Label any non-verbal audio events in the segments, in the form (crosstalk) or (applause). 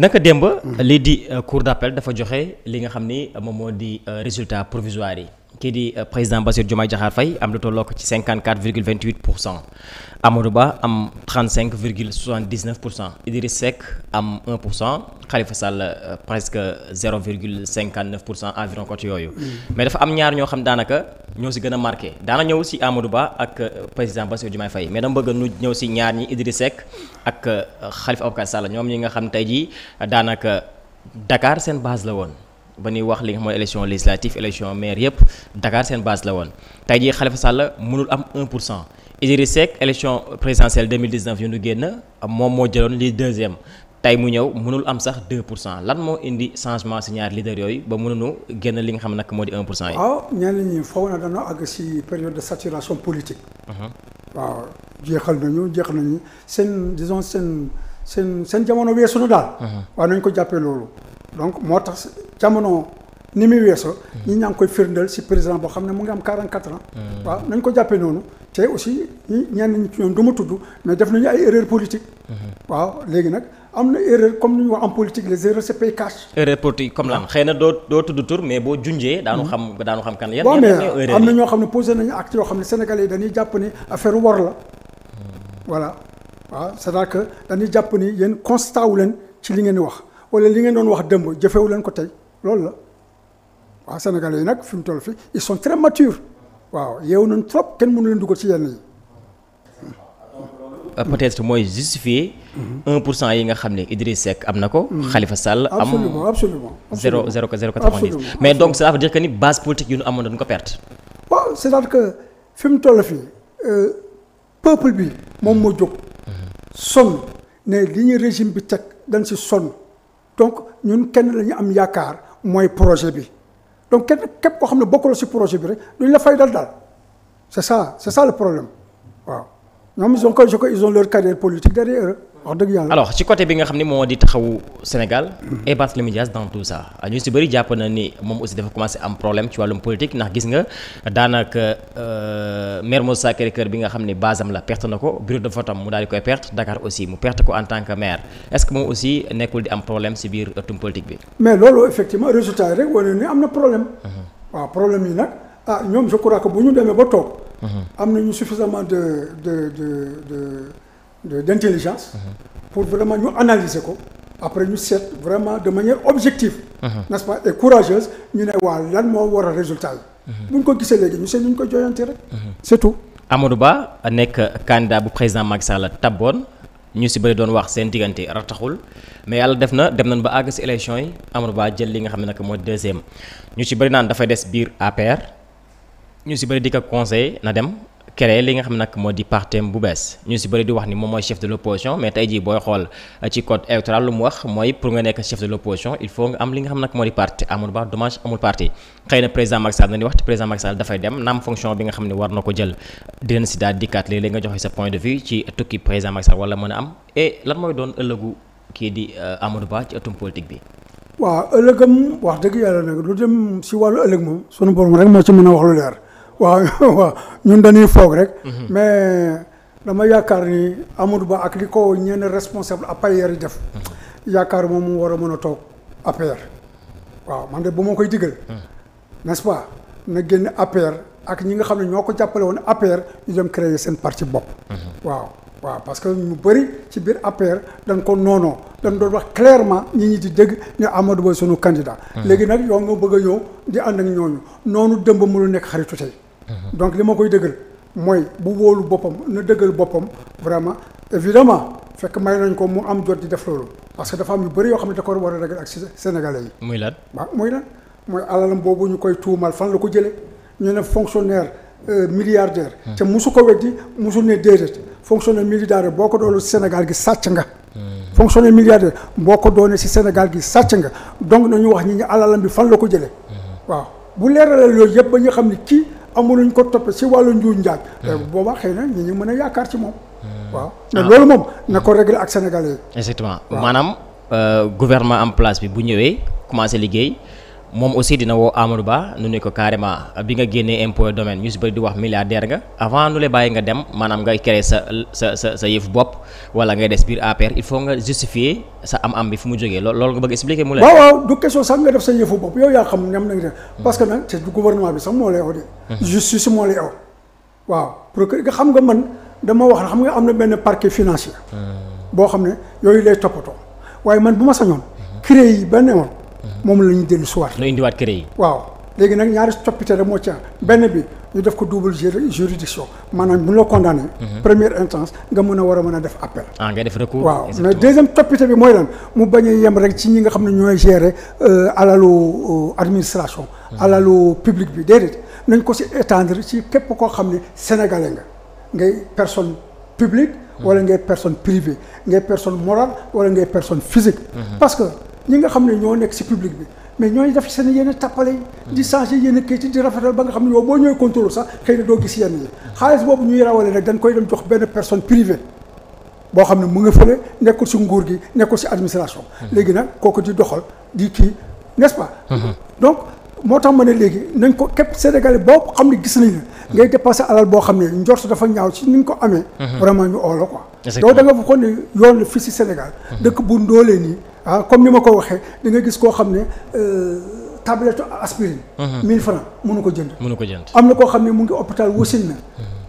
naka démb. lii di euh, cour d'appel dafa joxe li nga xam ni euh, moom moo di euh, résultat provisoire yi. kii di euh, président Bassirou Diomaye Diakhar Faye am lu tolloo ko ci 54 virgule 28 pour cent Amadou Ba am 35 virgule 79 pour cent Idriss Seck am 1 pour cent Khalifa Sall euh, presque 0 virgule 59 pour cent environ côté yooyu. Mm. mais dafa am ñaar ñoo xam daanaka ñoo si gën a marqué daana ñëw si Amadou Ba ak euh, président Bassirou Diomaye Faye mais dama bëgg nu ñëw si ñaar ñi Idriss Seck ak Khalifa Ababacar Sall ñoom ñi nga xam tey jii daanaka Dakar seen base la woon. ba ñuy wax li nga xam mooy élection législative élection maire yëpp Dakar seen base la woon tey jii Khalifa Sall mënul am 1 pour cent Idriss Seck élection présidentielle yu ñu génn moom moo jëloon lii deuxième tey mu ñëw mënul am sax 2 pour cent lan moo indi changement si ñaar leader yooyu ba mënuñu génn li nga xam nag moo di 1 pour cent yi. waaw ñenn ñi foog na dañoo àgg si période de saturation politique. Mhm. waaw jeexal nañu jeex nañu seen disons seen seen seen jamono ni muy weesoo. ñi ñaa ngi koy firndeel si président boo xam ne mu ngi am 44 ans. Hmm. waaw nañ ko jàppee noonu te aussi ñi ñenn ñi ci ñoom du ma tudd mais def nañu ay erreur politique. Hmm. waaw léegi nag am na erreur comme ni ñu wax en politique les comme lan ah. xëy na doo doo boo junjee. daanu hmm. xam xam kan yan. yan mais am na ñoo xam ne posé nañu acte yoo xam ne sénégalais yi dañuy jàpp ni affaire wor la voilà waaw cest à que dañuy jàpp ni yéen constat wu leen ci li ngeen di wax wala li ngeen doon wax dëmb jëfewu leen ko tey. loolu la waaw sénégalais yi nag fi mu toll fi ils sont très matures waaw yeewu nañ trop kenn mënu leen dugal ci yenn yi. Euh, peut mooy justifier. 1 mhm. pour cent yi nga xam ne Idriss Seck am na ko. Mhm. Khalifa Sall am absolument absolument. 0 0 0 90 mais donc ça veut dire que ni base politique yu ñu amoon dañu ko perte. waaw cest à que fi mu toll fii euh, peuple bi moom moo jóg. Mhm. sonn ne li ñuy régime bi teg dañ si sonn donc ñun kenn lañu am yaakaar. mooy projet bi donc kenn képp koo xam ne bokkuloo si projet bi rek duñ la fay dal daal c'est ça ça le problème waaw. ñoom ils ko ils leur carrière politique derrière eux wax ci côté bi nga xam ne moo di taxawu Sénégal. et Barthélémy Dias dans tout ça ah, ñu si bëri jàpp ni moom aussi dafa commencé am problème ci wàllum politique ndax gis nga daanaka euh, Mermoz Sacré-Cœur bi nga xam ne base la perte na ko bureau de vote mu daal di koy perte Dakar aussi mu perte ko en tant que est-ce que moom aussi nekkul di am problème si biir ëttum politique bi. mais loolu effectivement Mm-hmm. am na ñu suffisamment de de de de d' intelligence. Mm-hmm. pour vraiment ñu analyser ko après ñu seet vraiment de manière objective. Mm-hmm. n'est-ce pas et courageuse ñu ne waa lan moo war a résultat bi. bu ñu ko gisee léegi ñu seet ñu ko joyante rek. c'est tout. Ba nekk candidat bu président Macky Sall taboon ñu si bëri doon wax seen diggante rataxul mais yàlla def na dem nañ ba àgg si élection yi Amadou Ba jël li nga xam ne nag mooy deuxième ñu si bëri naan dafay des biir APR. ñu si bëri di ko na dem créer li nga xam nag moo di partem bu bees ñu si bëri di wax ni moom mooy chef de l'opposition mais tey jii booy xool euh, ci code électoral lu mu wax mooy pour nga nekk chef de l'opposition il faut nga am li nga xam nag moo di parti amul baax dommage amul si daal dikkaat ci tukki président Macky Sall mën am et lan mooy doon ëllëgu kii di euh, Amadou Ba ci ëttum politique bi. waaw ëllëgam wax dëgg yàlla nag lu dem si wàllu ëllëg moom sunu borom waaw (laughs) waaw ñun dañuy foog rek. Mhm. mais dama yaakaar ni amatu Ba ak li ko ñenn responsable APR yi def. Mhm. yaakaar moom mu war a mën a toog APR. waaw man de bu ma koy digal. Mhm. n'est-ce pas génn APR ak ñi nga xam ne ñoo ko jàppale woon APR ñu dem créer seen parti bopp. waaw waaw parce que ñu bëri ci biir APR dañ ko noonoo dañ doon wax clairement ñi ñi di dégg ne Amadou Ba sunu candidat. léegi nag yow nga bëgg a ñëw di ànd ak ñooñu noonu dëmb mënu nekk xaritu tey. donc li ma koy dëggal mooy bu wóolu boppam na dëgël boppam vraiment évidemment fekk may nañ ko mu am jot di def loolu parce que dafa am lu bëri yoo xam ne da ko war a ragal ak Sénégalais yi. muy lan waaw muy lan mooy alalam boobu ñu koy tuumal fan la ko jële ñu ne fonctionnaire euh, milliardaire. te musu ko wet weddi musu ne déedéet fonctionnaire milliardaire boo ko doon Sénégal gi sàcc nga. fonctionnaire milliardaire boo ko doonee si Sénégal gi sàcc nga donc nañu wax ñi ñu alalam bi fan la ko jëlee waaw. bu leeralee loolu yëpp ba ñu xam ne kii amuluñ ko topp si wàllu njuuñ njaaj hmm. eh, boobaa xëy na ñi ñu mën a yaakaar si moom hmm. waaw hmm. mais loolu moom na ko régler ak sénégal yi exactement maanaam euh, gouvernement en place bi bu ñëwee commencé liggéey moom aussi dina woo Amadou Ba nu ne ko carrément bi nga génnee impôt domaine ñu si bëri di wax milliardaire nga avant nu lay bàyyi nga dem maanaam ngay créer sa sa sa sa yëf bopp wala nga des biir APR il faut nga justifier sa am-am bi fu mu jógee loolu nga bëgg expliquer mu la waaw waaw du question sax nga def sa yëfu bopp yow yaa xam ñam nañ def hmm. parce que nag c'est du hmm. waaw pour nga xam nga man dama wax ne xam nga am na benn parquet financier hmm. boo xam ne yooyu lay toppatoo waaye man bu ma sañoon créer yi benn moom la ñu dellu si waat. ñu indiwaat kër léegi nag ñaari coppite rek moo ci am benn bi ñu def ko double juridiction maanaam bu ñu la condamné. Mhm. première instance nga mën a war a mën a def appel. ah nga def recours. waaw mais deuxième coppite bi mooy lan mu bañ a yem rek ci ñi nga xam ne ñooy gérer euh, alalu euh, administration. Mhm. alalu public bi déedéet nañ ko si étendre ci képp koo xam ne sénégalais nga ngay personne publique. Mhm. wala ngay personne privée ngay personne morale wala ngay personne physique. parce ñi nga xam ne ñoo nekk si public bi mais ñooñu def seen yenn tappale yi di changé yenn kayit yi di rafetal ba nga xam ne yow boo ñëwee contrôle sax xëy na doo gis yenn yi xaalis boobu ñuy rawale nag dañ koy dem jox benn personne privée boo xam ne mu nga fële nekkul si nguur gi nekkul si administration hmm. léegi nag kooku di doxal di kii nes ce hmm. donc moo tax ma ne léegi nañ ko képp Sénégalais boo xam ne gis nañ la hmm. ngay dépassé alal boo xam ne njort dafa ñaaw ci ni ñu ko amee hmm. vraiment ñu oo la quoi doo yoon la fii si Sénégal hmm. dëkk bu ndoolee nii ah comme ni ma ko waxee da nga gis koo xam ne euh, tablette aspirine mille francs mënu ko jënd mënu ko jënd am na koo xam ne mu ngi hôpital wasin na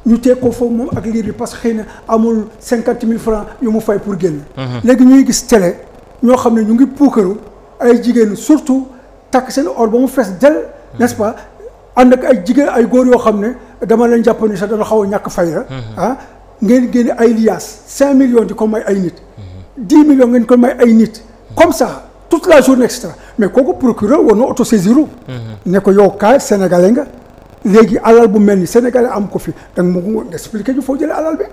ñu teg ko foofu moom ak liir bi parce que xëy na amul cinquante mille francs yu mu fay pour génn léegi ñuy gis télé ñoo xam ne ñu ngi puukaru ay jigéen surtout takk seen or ba mu fees del n'est-ce pas ànd ak ay jigéen ay góor yoo xam ne dama leen jàpp ni sax dana xaw a ñàkk fay mhm. ah ngeen génne ay liaas cinq millions di ko may ay nit dix millions ngeen ko may ay nit comme ça toute la journée et cetera mais kooku procureur war na autosaisir mhm. ne ko yow kaay sénégalais nga léegi alal bu mel ni sénégalais am ko fi danga mu nga expliqué ñu foo jële alal bi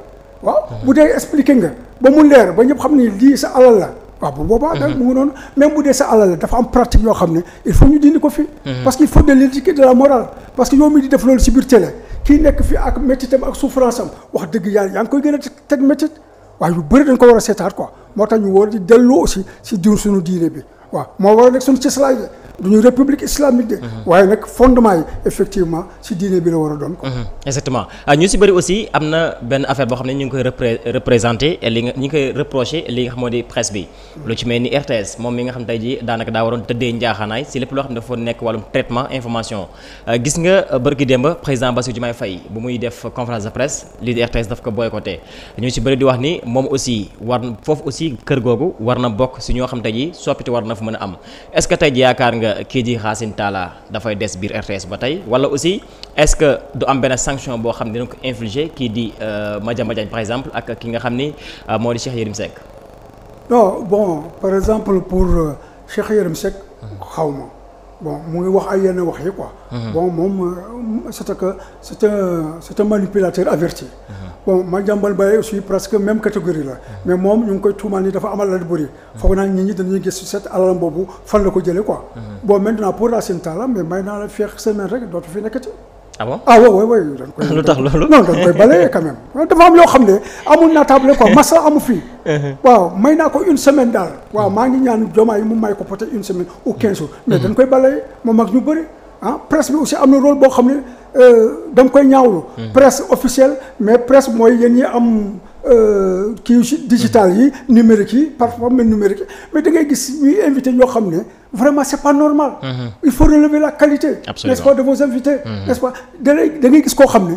waaw mhm. bu dee expliqué nga ba mu leer ba ñëpp xam ne lii sa alal la waaw bu boobaa mhm. mu ngi noonu même bu dee sa alal la dafa am pratique yoo xam ne il faut ñu dindi ko fi mhm. parce que il faut de l'éthique de la morale parce que yow mi di def loolu si biir télé kii nekk fi ak méttitam ak souffrance am wax dëgg yàlla yaa ngi koy gën teg méttit waaye yu bëri dañ ko war a seetaat quoi moo tax ñu war di delloo aussi si diir suñu diine bi waaw moo war a nekk suñu cëslaay la du ñu république islamique de. Mhm. waaye nag fondement yi effectivement ci diine bi la war a doon ko mhm. exactement ah, ñu si bëri aussi am na benn affaire boo xam ne ñu ngi koy repré représenté li nga ñu ngi koy reproché li nga xam moo di presse bi. lu ci mel ni RTS moom mi nga xam tey jii daanaka daa waroon tëddee njaaxaanaay si lépp loo xam ne dafa nekk wàllum traitement information ah, gis nga euh, bërki démba président Bassirou Diomaye Faye bu muy def conférence de presse lii di RTS daf ko boycotté ñu si bëri di wax ni moom aussi war foofu aussi kër googu war na bokk si ñoo xam tey jii soppite war na fa mën a am nga kii di Racine Talla dafay des biir RTS ba tey wala aussi est-ce que du am benn sanction boo xam ne dina ko infliger kii di euh, Madiambal Diagne par exemple ak ki nga xam ni euh, moo di Cheikh Yérim Seck non bon par exemple pour euh, Cheikh Yérim Seck xaw ma bon mu ngi wax ay yenn wax yi ko mhm. bon moom euh, c' est que c' est un c' est un manipulateur averti. Mhm. bon Madiambal Faye aussi presque même catégorie la. Mhm. mais moom ñu ngi koy tuumaal ni dafa am alal bëri. foog naa nit ñi dañuy gis set alalam boobu fan la ko jëlee quoi. bon maintenant pour Racine Talla mais may naa la feex semaine rek dootu fi nekkati. ah bon ah waaw waaw dañ koy. lu tax loolu non dañ koy balayer quand (laughs) dafa am loo xam ne amul naataable quoi (laughs) massa amu fii. Uh-huh. waaw may naa ko une semaine daal. waaw maa ngi ñaan jomaay mu may ko peut-être une semaine ou quinze jours. mais uh-huh. dañ koy balayer moom ak ñu bëri ah bi aussi am na rôle boo xam ne euh, dam koy ñaawlu. Uh-huh. presse officielle mais presse mooy yéen ñi am. Euh, kii digital yi numérique yi parfois même numérique yi mais da ngay gis ñuy invité ñoo xam ne vraiment c'est pas normal mhm. il faut relever la qualité n'est-ce pas de vos invités mhm. nest pas da lay da gis koo xam ne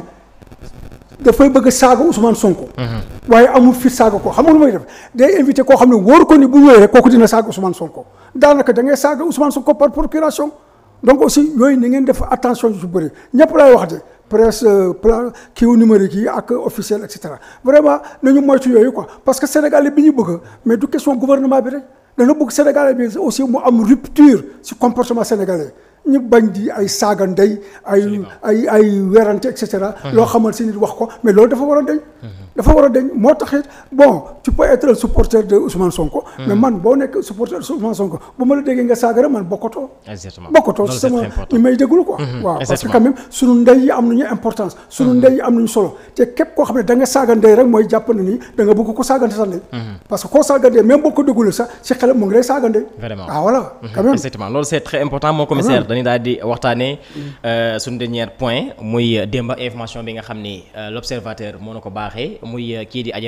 dafay bëgg saaga Ousmane Sonko mhm. waaye amul fit saaga ko xam nga lu may def day invité koo xam ne wóor ko ni bu ñëwee rek kooku dina saaga son Sonko daanaka dangay ngay saaga Ousmane Sonko par procuration donc aussi yooyu ni ngeen def attention yu bëri ñëpp laay wax presse plan kiw numérique yi ak officiel et cetera vraiment nañu moytu yooyu quoi parce que sénégalais bi ñu bëgg mais du question gouvernement bi rek dana bëgg sénégalais bi aussi mu am rupture ci comportement sénégalais ñu bañ di ay saaga ndey ay ay ay werante et cetera loo xamal si nit wax ko mais loolu dafa war a ndey dafa war a dañ moo tax boo tu peux être supporter de Ousmane Sonko. Hmm. mais man boo nekk supporter de Ousmane Sonko bu ma la déggee nga saagara man bokkatoo. exactement bokkatoo si sama ñu may déglu quoi. Hmm, hmm. waaw parce que quand sunu ndey yi am nañu importance. sunu ndey yi am nañu solo te képp koo xam ne da nga saaga ndey rek mooy jàpp na ni da nga ko saagante sa ndey. parce que koo saaga ndey même boo ko déglu sax si xelam mu ngi lay saaga ndey. vraiment ah voilà. quand loolu euh, muy démb information bi nga xam ni euh, l' observateur moo na ko baaxee muy eh, kii di Adji